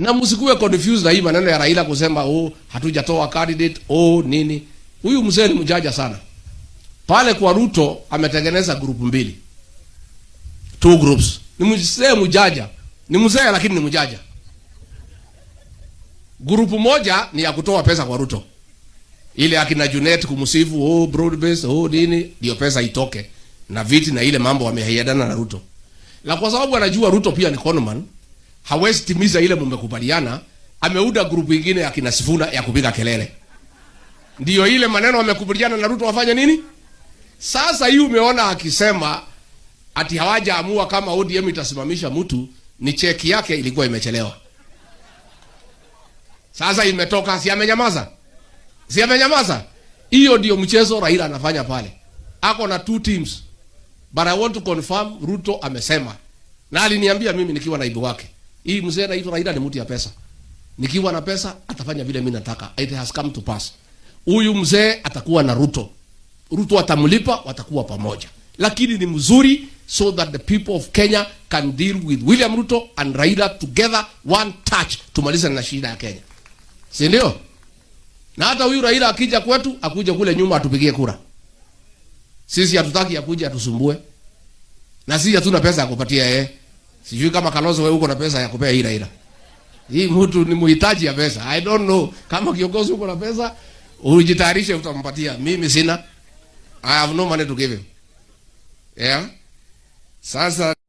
na msikuwe confused na hii maneno ya Raila kusema oh, hatujatoa candidate oh nini. Huyu mzee ni mjaja sana. Pale kwa Ruto ametengeneza group mbili, two groups. Ni mzee mjaja, ni mzee lakini ni mjaja. Group moja ni ya kutoa pesa kwa Ruto, ile akina Junet kumsifu oh broad base oh nini, ndio pesa itoke na viti na ile mambo wamehaiadana na Ruto, na kwa sababu anajua Ruto pia ni conman hawezi timiza ile mmekubaliana, ameuda grupu ingine ya kina Sifuna ya kupiga kelele. Ndiyo ile maneno wamekubaliana na Ruto wafanye nini? Sasa hii umeona akisema ati hawajaamua kama ODM itasimamisha mtu, ni cheki yake ilikuwa imechelewa. Sasa imetoka, si amenyamaza? Si amenyamaza? Hiyo ndio mchezo Raila anafanya pale. Ako na two teams. But I want to confirm Ruto amesema. Na aliniambia mimi nikiwa naibu wake. Hii mzee anaitwa Raila ni mtu ya pesa. Nikiwa na pesa atafanya vile mimi nataka. It has come to pass. Huyu mzee atakuwa na Ruto. Ruto atamlipa, watakuwa pamoja. Lakini ni mzuri so that the people of Kenya can deal with William Ruto and Raila together one touch tumaliza na shida ya Kenya. Si ndio? Na hata huyu Raila akija kwetu, akuja kule nyuma atupigie kura. Sisi hatutaki akuje atusumbue. Na sisi hatuna pesa ya kupatia yeye. Eh. Sijui kama Kalonzo wewe uko na pesa ya kupea ila ila. Hii mtu ni muhitaji ya pesa. I don't know kama kiongozi uko na pesa ujitayarishe utampatia. Mimi sina. I have no money to give him. Yeah. Sasa